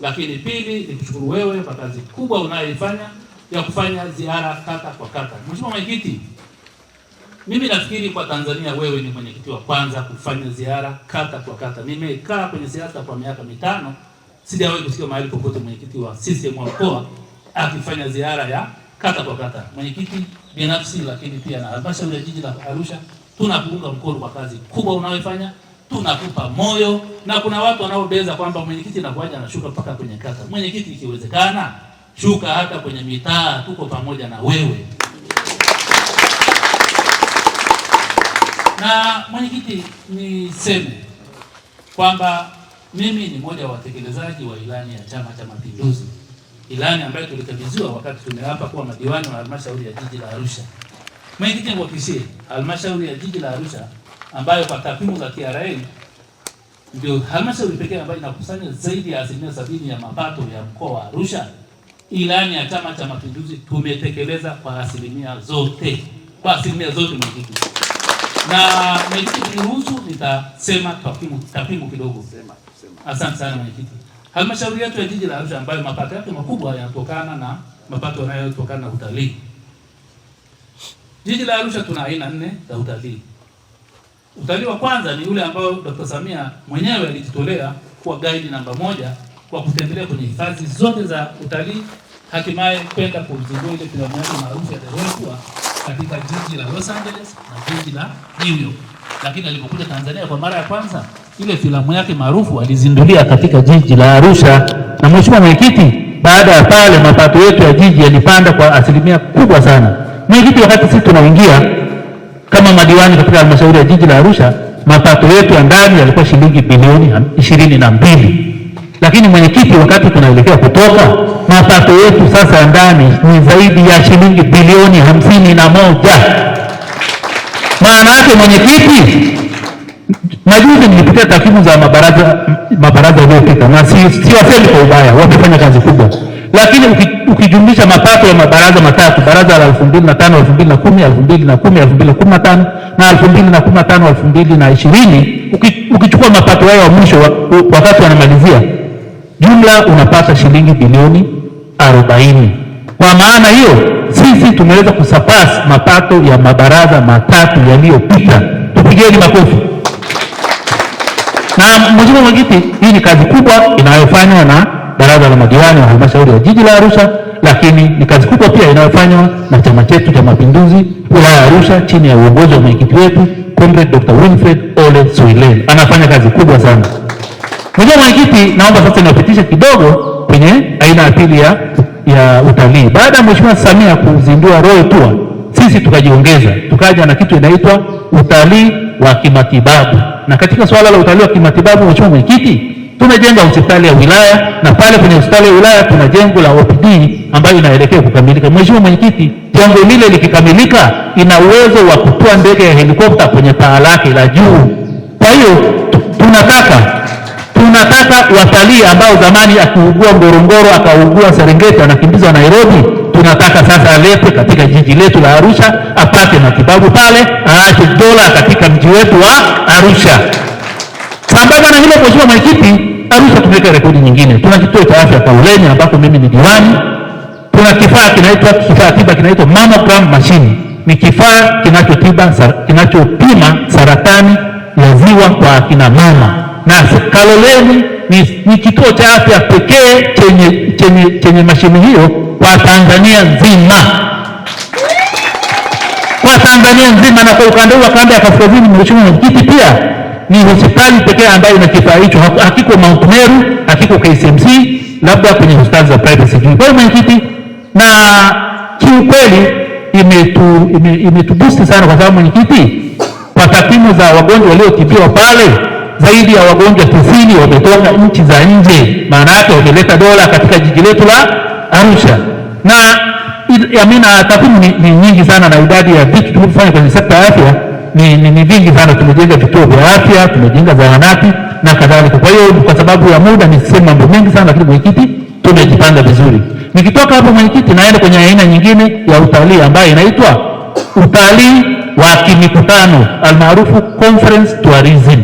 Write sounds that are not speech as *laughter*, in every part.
lakini pili ni kushukuru wewe kwa kazi kubwa unayoifanya ya kufanya ziara kata kwa kata. Mheshimiwa Mwenyekiti, mimi nafikiri kwa Tanzania wewe ni mwenyekiti wa kwanza kufanya ziara kata kwa kata. Nimekaa kwenye siasa kwa miaka mitano, sijawahi kusikia mahali popote mwenyekiti wa CCM wa mkoa akifanya ziara ya kata kwa kata. Mwenyekiti binafsi, lakini pia na halmashauri ya jiji la Arusha tunakuunga mkono kwa kazi kubwa unayoifanya tunakupa moyo, na kuna watu wanaobeza kwamba mwenyekiti nakuaja anashuka mpaka kwenye kata. Mwenyekiti, ikiwezekana shuka hata kwenye mitaa, tuko pamoja na wewe. Na mwenyekiti, niseme kwamba mimi ni mmoja wa watekelezaji wa ilani ya Chama cha Mapinduzi, ilani ambayo tulikabidhiwa wakati tumeapa kuwa madiwani wa halmashauri ya jiji la Arusha. Mwenyekiti, niwahakikishie halmashauri ya jiji la Arusha ambayo kwa takwimu za TRA ndio halmashauri pekee ambayo inakusanya zaidi ya asilimia sabini ya mapato ya mkoa wa Arusha, ilani ya Chama cha Mapinduzi tumetekeleza kwa asilimia zote, kwa asilimia zote mwenyekiti. Na mwenyekiti, niruhusu nitasema takwimu takwimu kidogo. Asante sana mwenyekiti. Halmashauri yetu ya jiji la Arusha ambayo mapato yake makubwa yanatokana na mapato yanayotokana na utalii, jiji la Arusha tuna aina nne za utalii. Utalii wa kwanza ni ule ambao Dr. Samia mwenyewe alijitolea kuwa guide namba moja kwa kutembelea kwenye hifadhi zote za utalii, hatimaye kwenda kuzindua ile filamu yake maarufu ya The Reservoir katika jiji la Los Angeles na jiji la New York. Lakini alipokuja Tanzania kwa mara ya kwanza, ile filamu yake maarufu alizindulia katika jiji la Arusha. Na mheshimiwa mwenyekiti, baada ya pale mapato yetu ya jiji yalipanda kwa asilimia kubwa sana. Mwenyekiti, wakati sisi tunaingia kama madiwani katika halmashauri ya jiji la Arusha, mapato yetu ya ndani yalikuwa shilingi bilioni ishirini na mbili, lakini mwenyekiti, wakati tunaelekea kutoka, mapato yetu sasa ya ndani ni zaidi ya shilingi bilioni hamsini na moja. Maana yake mwenyekiti, majuzi nilipitia takwimu za mabaraza mabaraza yaliyopita, na siwasemi kwa ubaya, wamefanya kazi kubwa lakini ukijumlisha mapato ya mabaraza matatu, baraza la 2005 na tano elfu na kumi ukichukua mapato yao ya mwisho wakati wanamalizia, jumla unapata shilingi bilioni 40 Kwa maana hiyo sisi tumeweza kusurpass mapato ya mabaraza matatu yaliyopita. Tupigeni makofi. Na mheshimiwa mwenyekiti, hii ni kazi kubwa inayofanywa na baraza la madiwani wa halmashauri ya jiji la Arusha, lakini ni kazi kubwa pia inayofanywa na chama chetu cha Mapinduzi wilaya ya Arusha chini ya uongozi wa mwenyekiti wetu Comrade Dr. Winfred Ole Soilel, anafanya kazi kubwa sana. Mheshimiwa Mwenyekiti, naomba sasa niwapitishe kidogo kwenye aina ya pili ya ya utalii. Baada ya Mheshimiwa Samia kuzindua Royal Tour, sisi tukajiongeza tukaja na kitu inaitwa utalii wa kimatibabu, na katika swala la utalii wa kimatibabu, Mheshimiwa Mwenyekiti, tumejenga hospitali ya wilaya na pale kwenye hospitali ya wilaya kuna jengo la OPD ambayo inaelekea kukamilika. Mheshimiwa Mwenyekiti, jengo lile likikamilika, ina uwezo wa kutoa ndege ya helikopta kwenye paa lake la juu. Kwa hiyo tunataka tunataka watalii ambao zamani akiugua Ngorongoro akaugua Serengeti anakimbizwa Nairobi, tunataka sasa aletwe katika jiji letu la Arusha apate matibabu pale, aache dola katika mji wetu wa Arusha. Sambamba na hilo, Mheshimiwa Mwenyekiti Arusha tumeweka rekodi nyingine. Tuna kituo cha afya Kauleni ambako mimi ni diwani. Tuna kifaa kinaitwa kifaa tiba kinaitwa mammogram machine, ni kifaa kinachotiba kinachopima saratani ya ziwa kwa akina mama, na Kaloleni ni, ni kituo cha afya pekee chenye, chenye, chenye mashine hiyo kwa Tanzania nzima kwa Tanzania nzima na kwa ukanda huu wa kanda ya kaskazini. Mheshimiwa Mwenyekiti, pia ni hospitali pekee ambayo ina kifaa hicho, hakiko Mount Meru, hakiko KCMC, labda kwenye hospitali za private sijui. Kwa hiyo mwenyekiti, na kiukweli imetu ime, imetubusti sana, kwa sababu mwenyekiti, kwa takwimu za wagonjwa waliotibiwa pale, zaidi ya wagonjwa tisini wametoka nchi za nje, maana yake wameleta dola katika jiji letu la Arusha na amina, takwimu ni, ni nyingi sana na idadi ya vitu tulivyofanya kwenye sekta ya afya ni, ni, ni vingi sana. Tumejenga vituo vya afya, tumejenga zahanati na kadhalika. Kwa hiyo kwa sababu ya muda nisiseme mambo mengi sana, lakini mwenyekiti, tumejipanga vizuri. Nikitoka hapo mwenyekiti, naenda kwenye aina nyingine ya utalii ambayo inaitwa utalii wa kimikutano almaarufu conference tourism.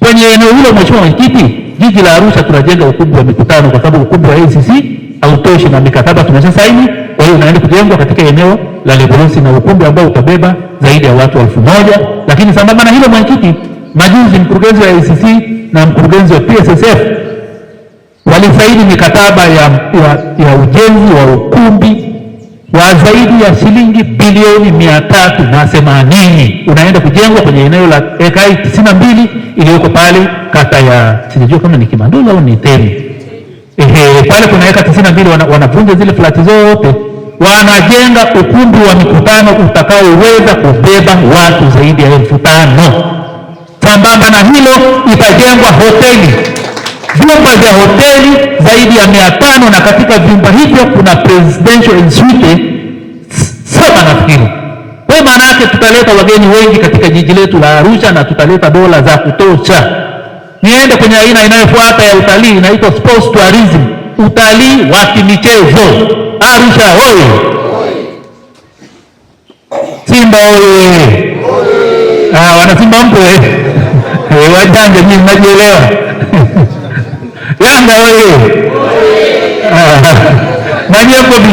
Kwenye eneo hilo, mheshimiwa mwenyekiti, jiji la Arusha tunajenga ukumbi wa mikutano, kwa sababu ukumbi wa ACC hautoshi na mikataba tumesha saini kwa hiyo unaenda kujengwa katika eneo la Lebrosi na ukumbi ambao utabeba zaidi ya watu elfu moja. Lakini sambamba na hilo, mwenyekiti, majuzi mkurugenzi wa ICC na mkurugenzi wa PSSF walisaini mikataba ya, ya, ya ujenzi wa ukumbi wa zaidi ya shilingi bilioni mia tatu na themanini unaenda kujengwa kwenye eneo la ekai tisini na mbili iliyoko pale kata ya sijajua kama ni Kimandula au ni Temi. Ehe, pale kuna eka tisini na mbili wanavunja zile flati zote wanajenga ukumbi wa mikutano utakaoweza kubeba watu zaidi ya elfu tano. Sambamba na hilo, itajengwa hoteli, vyumba vya hoteli zaidi ya mia tano na katika vyumba hivyo kuna presidential suite saba nafikiri. Kwa maana yake tutaleta wageni wengi katika jiji letu la Arusha na tutaleta dola za kutosha. Niende kwenye aina inayofuata ya utalii, inaitwa sports tourism, utalii wa kimichezo. Arusha hoye! Simba hoye! Ah, wanasimba mpo eh? *laughs* eh, wajanja mimi *laughs* Yanga hoye! Ah, *laughs* Nanyie vizuri.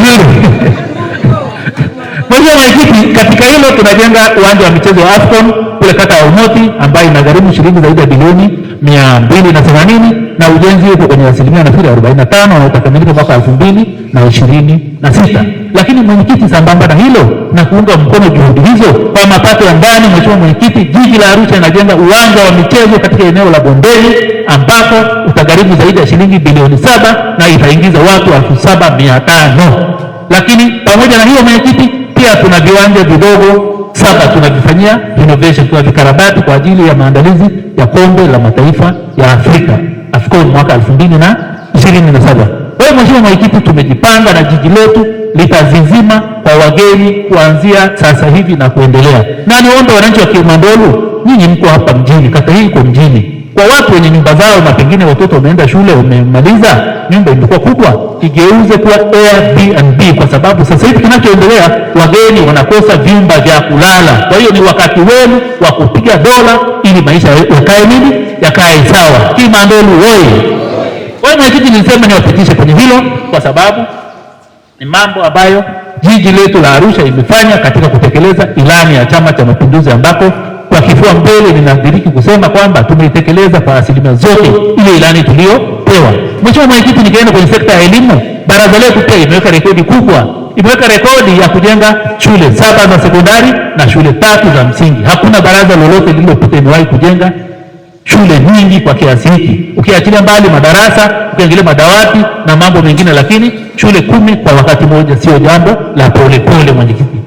Mheshimiwa Mwenyekiti, katika hilo tunajenga uwanja wa michezo wa AFCON kule kata ya Umoti ambayo inagharimu shilingi zaidi ya bilioni mia mbili na themanini na ujenzi upo kwenye asilimia nafikiri arobaini na tano na utakamilika mwaka elfu mbili na ishirini na sita. Lakini mwenyekiti, sambamba na hilo na kuunga mkono juhudi hizo kwa mapato ya ndani, mheshimiwa mwenyekiti, jiji la Arusha inajenga uwanja wa michezo katika eneo la Bondeni ambako utagharimu zaidi ya shilingi bilioni saba na itaingiza watu elfu saba mia tano. Lakini pamoja na hiyo mwenyekiti, pia tuna viwanja vidogo saba tunavifanyia renovation, vikarabati kwa ajili ya maandalizi ya kombe la mataifa ya Afrika AFCON mwaka 2027. mbili na ishirini na saba. mheshimiwa mwenyekiti, tumejipanga na jiji letu litazizima kwa wageni kuanzia sasa hivi na kuendelea, na niombe wananchi wa Kimandolu, nyinyi mko hapa mjini, kata hii iko mjini kwa watu wenye nyumba zao na pengine watoto wameenda shule, wamemaliza, nyumba imekuwa kubwa, igeuze kuwa Airbnb, kwa sababu sasa hivi kinachoendelea, wageni wanakosa vyumba vya kulala. Kwa hiyo ni wakati wenu wa kupiga dola ili maisha yakae nini, yakae sawa. Kimandelu oye! Kwa hiyo mwenyekiti, nilisema niwapitishe kwenye hilo, kwa sababu ni mambo ambayo jiji letu la Arusha imefanya katika kutekeleza ilani ya Chama cha Mapinduzi ambako kwa kifua mbele ninadiriki kusema kwamba tumeitekeleza kwa asilimia zote ile ilani tuliyopewa. Mheshimiwa Mwenyekiti, nikaenda kwenye sekta ya elimu, baraza letu pia imeweka rekodi kubwa, imeweka rekodi ya kujenga shule saba za sekondari na shule tatu za msingi. Hakuna baraza lolote lililopita imewahi kujenga shule nyingi kwa kiasi hiki, ukiachilia mbali madarasa, ukiangalia madawati na mambo mengine, lakini shule kumi kwa wakati mmoja sio jambo la polepole, Mwenyekiti.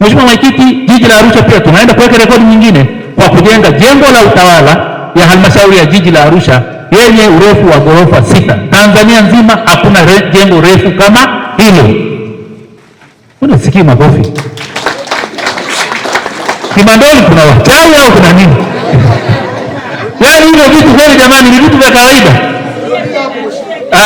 Mheshimiwa Mwenyekiti, jiji la Arusha pia tunaenda kuweka rekodi nyingine kwa kujenga jengo la utawala ya halmashauri ya jiji la Arusha yenye urefu wa ghorofa sita. Tanzania nzima hakuna re, jengo refu kama hilo. Unasikii makofi? kimandoni kuna wachai au kuna nini? *laughs* Yaani hivyo vitu kweli jamani, ni vitu vya kawaida.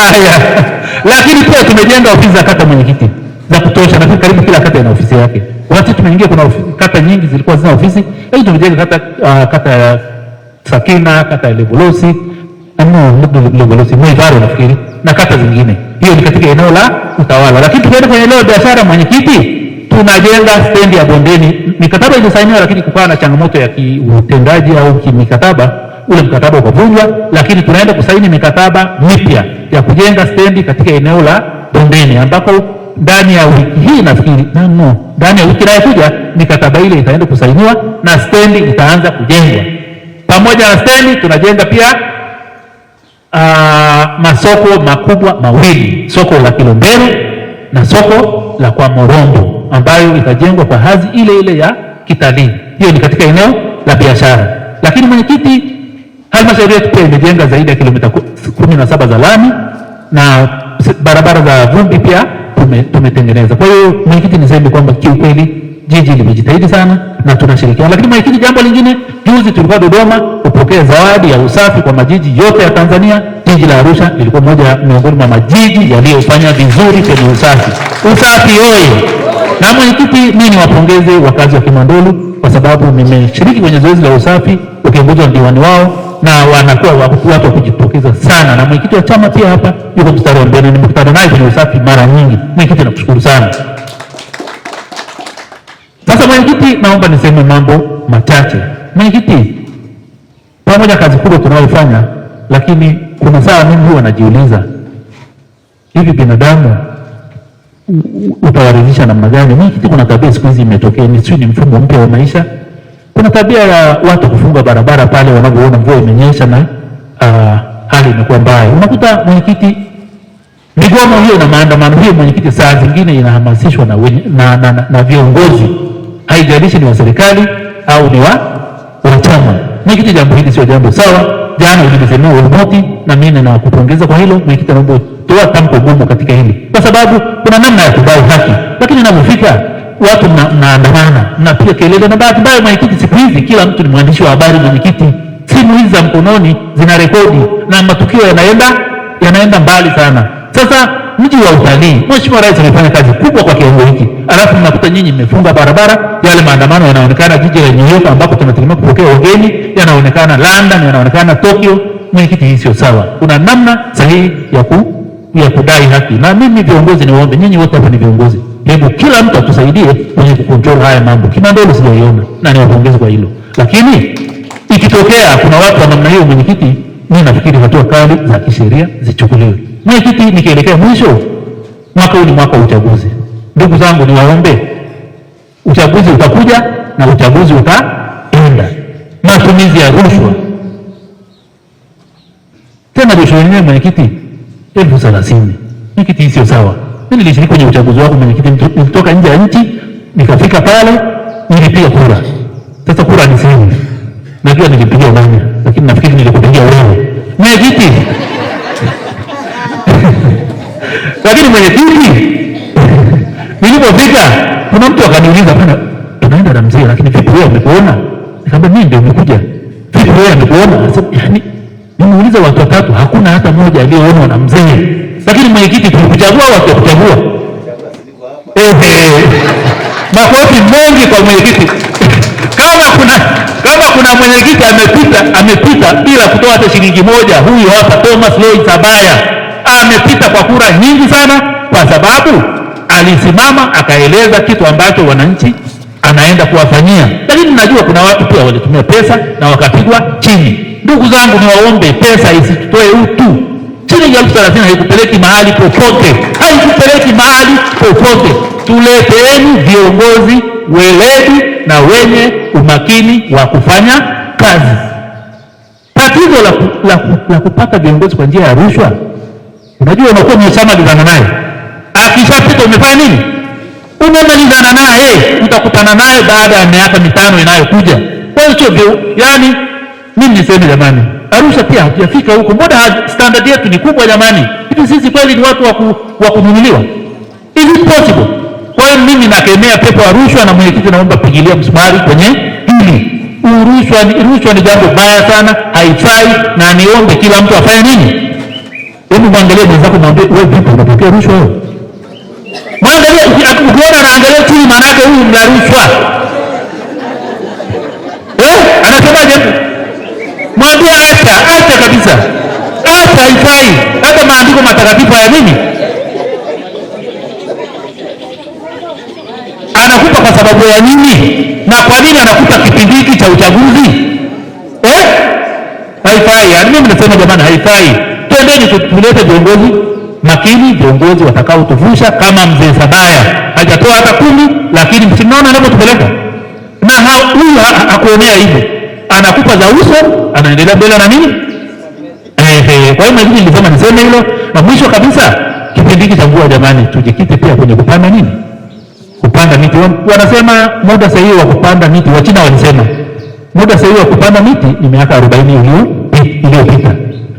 aya. lakini pia tumejenga ofisi za kata mwenyekiti za kutosha, nafikiri karibu kila kata ina ofisi yake wakati tumeingia, kuna ofisi, kata nyingi zilikuwa zina ofisi, lakini tumejenga kata uh, kata ya Sakina, kata ya Levolosi ama Levolosi Mwegaro nafikiri na kata zingine. Hiyo ni katika eneo la utawala, lakini tukienda kwenye eneo la biashara, mwenyekiti, tunajenga stendi ya bondeni. Mikataba ilisainiwa, lakini kukawa na changamoto ya kiutendaji au kimikataba, ule mkataba ukavunjwa, lakini tunaenda kusaini mikataba mipya ya kujenga stendi katika eneo la bondeni ambako ndani ya wiki hii nafikiri no, no. Ndani ya wiki inayokuja mikataba ile itaenda kusainiwa na stendi itaanza kujengwa. Pamoja na stendi tunajenga pia uh, masoko makubwa mawili, soko la Kilombero na soko la kwa Morombo ambayo itajengwa kwa hadhi ile ile ya kitalii. Hiyo ni katika eneo la biashara, lakini mwenyekiti, halmashauri yetu pia imejenga zaidi ya kilomita kumi na saba za lami na barabara za vumbi pia tumetengeneza. Kwa hiyo mwenyekiti, niseme kwamba kiukweli jiji limejitahidi sana na tunashirikiana. Lakini mwenyekiti, jambo lingine, juzi tulikuwa Dodoma kupokea zawadi ya usafi kwa majiji yote ya Tanzania. Jiji la Arusha lilikuwa moja miongoni mwa majiji yaliyofanya vizuri kwenye usafi. Usafi oye! Na mwenyekiti, mimi niwapongeze wakazi wa Kimandolu kwa sababu nimeshiriki kwenye zoezi la usafi ukiongozwa na diwani wao na wanakuwa watu wa kujitokeza sana, na mwenyekiti wa chama pia hapa yuko mstari wa mbele. Nimekutana naye kwenye usafi mara nyingi. Mwenyekiti, nakushukuru sana. Sasa mwenyekiti, naomba niseme mambo machache. Mwenyekiti, pamoja kazi kubwa tunayofanya, lakini kuna saa mimi huwa najiuliza, hivi binadamu utawaridhisha namna gani? Mwenyekiti, kuna tabia siku hizi imetokea, ni sio ni mfumo mpya wa maisha kuna tabia ya watu kufunga barabara pale wanapoona mvua imenyesha na uh, hali imekuwa mbaya. Unakuta mwenyekiti migomo hiyo na maandamano hiyo, mwenyekiti saa zingine inahamasishwa na, na, na, na, na viongozi, haijalishi ni wa serikali au ni wa wanachama. Mwenyekiti, jambo hili sio jambo sawa. Jana ulisemea uripoti, na mimi ninakupongeza kwa hilo mwenyekiti, naomba toa tamko gumu katika hili, kwa sababu kuna namna ya kudai haki, lakini inavyofika watu mnaandamana, pia kelele, na bahati mbaya mwenyekiti, siku hizi kila mtu ni mwandishi wa habari. Mwenyekiti, simu hizi za mkononi zina rekodi na matukio yanaenda yanaenda mbali sana. Sasa mji wa utalii, Mheshimiwa Rais amefanya kazi kubwa kwa kiwango hiki, alafu mnakuta nyinyi mmefunga barabara. Yale maandamano yanaonekana jiji la New York ambapo tunategemea kupokea wageni, yanaonekana London, yanaonekana Tokyo. Mwenyekiti, hii sio sawa. Kuna namna sahihi ya ku ya kudai haki, na mimi viongozi niwaombe nyinyi wote hapa ni viongozi Hebu kila mtu atusaidie kwenye kukontrol haya mambo. Kimandolo sijaiona na niwapongeze kwa hilo, lakini ikitokea kuna watu wa namna hiyo, mwenyekiti, mimi nafikiri hatua kali za kisheria zichukuliwe. Mwenyekiti, nikielekea mwisho, mwaka huu ni mwaka wa uchaguzi. Ndugu zangu, niwaombe, uchaguzi utakuja na uchaguzi utaenda. Matumizi ya rushwa tena, rushwa yenyewe mwenyekiti, elfu thelathini. Mwenyekiti, sio sawa. Mimi nilishiriki kwenye uchaguzi wako mwenyekiti, nilitoka nje ya nchi nikafika pale nilipiga kura. Sasa kura ni sehemu, najua nilipiga nani, lakini nafikiri nilikupigia wewe mwenyekiti, *laughs* lakini mwenyekiti, *laughs* nilipofika kuna mtu akaniuliza bana, tunaenda na mzee, lakini vipi wewe umekuona? Nikamwambia mimi ndio nimekuja. Vipi wewe umekuona? Sasa yani nimeuliza watu watatu, hakuna hata mmoja aliyeona na mzee mwenyekiti kukuchagua wasiokuchagua. Makofi mengi kwa mwenyekiti. Kama kuna kama kuna mwenyekiti amepita amepita bila kutoa hata shilingi moja, huyu hapa Thomas loi Sabaya amepita kwa kura nyingi sana, kwa sababu alisimama akaeleza kitu ambacho wananchi anaenda kuwafanyia. Lakini najua kuna watu pia walitumia pesa na wakapigwa chini. Ndugu zangu, niwaombe, pesa isitutoe utu. Kile elfu thelathini haikupeleki mahali popote, haikupeleki mahali popote. Tuleteeni viongozi weledi na wenye umakini wa kufanya kazi. Tatizo la, la, la kupata viongozi kwa njia ya rushwa, unajua unakuwa umeshamalizana naye, akishapita umefanya nini? Umemalizana naye, utakutana naye baada ya miaka mitano inayokuja. Kwa hiyo sio, yaani mimi niseme jamani Arusha pia hatujafika huko, mbona standard yetu ni kubwa jamani? Hivi sisi kweli ni watu wa kununuliwa? Is it possible? Kwa hiyo mimi nakemea pepo ya rushwa, na mwenyekiti, naomba pigilia msumari kwenye hili. Rushwa ni rushwa, ni jambo baya sana, haifai, na niombe kila mtu afanye nini? Hebu mwangalie mwenzako, mwambie wewe, vipi unapokea rushwa wewe? Mwangalie, ukiona anaangalia chini, maana yake huyu ni rushwa. Eh, anasemaje? moja kabisa. Hata ifai hata maandiko matakatifu haya nini, anakupa kwa sababu ya nini? Na kwa nini anakupa kipindi hiki cha uchaguzi eh? Haifai yaani mimi nasema jamani, haifai. Twendeni tulete viongozi makini, viongozi watakaotuvusha kama mzee Sabaya hajatoa hata kumi, lakini msinaona anapotupeleka na huyu hakuonea hivyo, anakupa za uso, anaendelea mbele na nini sherehe. Kwa hiyo mimi nilisema niseme hilo, na mwisho kabisa kipindi hiki cha mvua, jamani, tujikite pia kwenye kupanda nini, kupanda miti. Wanasema muda sahihi wa kupanda miti, Wachina walisema muda sahihi wa kupanda miti ni miaka 40 iliyopita,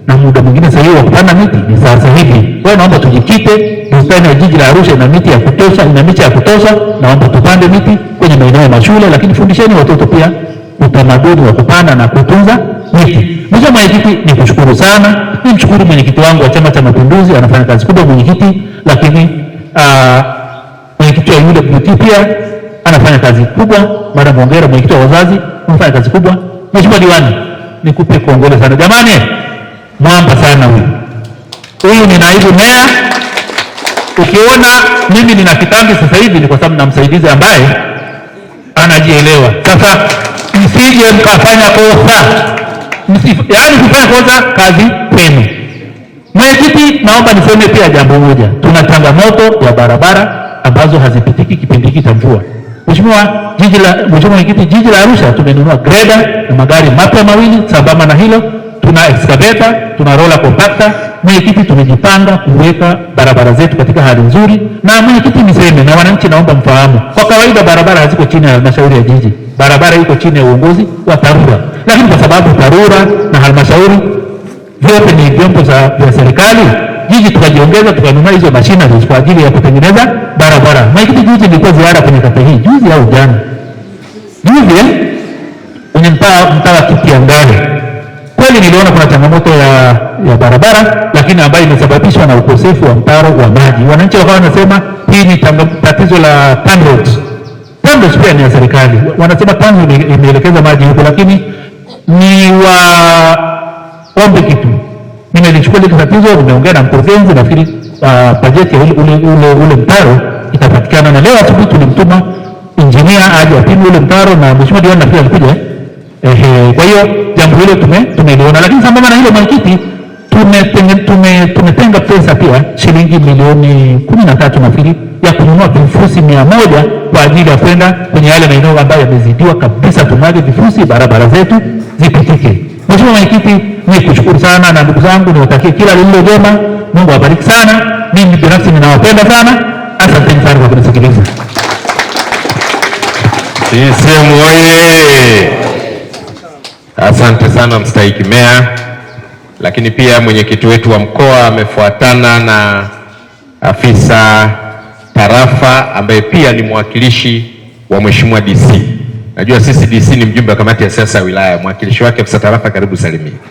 na muda mwingine sahihi wa kupanda miti ni sasa hivi. Kwa hiyo naomba tujikite bustani ya jiji la Arusha ina miti ya kutosha, ina miche ya kutosha. Naomba tupande miti kwenye maeneo ya mashule, lakini fundisheni watoto pia utamaduni wa kupanda na kutunza miti. Mwisho mwenyekiti, ni kushukuru sana, ni mshukuru mwenyekiti wangu wa Chama cha Mapinduzi, anafanya kazi kubwa mwenyekiti, lakini uh, mwenyekiti wa UWT pia anafanya kazi kubwa. Madam Hongera, mwenyekiti wa wazazi, anafanya kazi kubwa. Mheshimiwa diwani, nikupe kuongoza sana jamani, mwamba sana huyu huyu ni naibu meya. Ukiona mimi nina kitambi sasa hivi ni kwa sababu na msaidizi ambaye anajielewa sasa msije mkafanya kosa, yaani kufanya kosa kazi kwenu. Mwenyekiti, naomba niseme pia jambo moja, tuna changamoto ya barabara ambazo hazipitiki kipindi hiki cha mvua. Mheshimiwa jiji la Mheshimiwa Mwenyekiti, jiji la Arusha tumenunua greda na magari mapya mawili. Sambamba na hilo, tuna excavator, tuna roller compactor. Mwenyekiti, tumejipanga kuweka barabara zetu katika hali nzuri, na mwenyekiti, niseme na wananchi, naomba mfahamu, kwa kawaida barabara haziko chini ya halmashauri ya jiji barabara iko chini ya uongozi wa TARURA, lakini kwa sababu TARURA na halmashauri vyote ni vyombo vya serikali, jiji tukajiongeza tukanunua hizo mashina kwa ajili ya kutengeneza barabara. Mwenyekiti, juzi nilikuwa ziara kwenye kata hii, juzi au jana juzi, kwenye mtaa wa Kitiangale kweli niliona kuna changamoto ya, ya barabara lakini ambayo imesababishwa na ukosefu wa mtaro wa maji. Wananchi wakawa wanasema hii ni tatizo la TANROADS bado pia ni ya serikali. Wanasema tanzo imeelekeza maji huko, lakini ni waombe kitu. Nimelichukua ile tatizo, nimeongea na mkurugenzi, nafikiri uh, bajeti ya ule, ule, ule mtaro itapatikana, na leo asubuhi tulimtuma injinia aje apime ule mtaro, na mheshimiwa diwani pia alikuja. Ehe, kwa hiyo jambo hilo tume tumeliona, lakini sambamba na hilo mwenyekiti tumetenga pesa pia shilingi milioni kumi na tatu ya kununua vifusi mia moja kwa ajili ya kwenda kwenye yale maeneo ambayo yamezidiwa kabisa. Tumwage vifusi, barabara zetu zipitike. Mheshimiwa Mwenyekiti, ni kushukuru sana, na ndugu zangu niwatakie kila lililo jema. Mungu awabariki sana. Mimi binafsi ninawapenda sana, asanteni sana kwa kunisikiliza. Sisemu oye! Asante sana mstahiki meya, lakini pia mwenyekiti wetu wa mkoa amefuatana na afisa tarafa ambaye pia ni mwakilishi wa mheshimiwa DC. Najua sisi DC ni mjumbe wa kamati ya siasa ya wilaya, mwakilishi wake afisa tarafa karibu salimia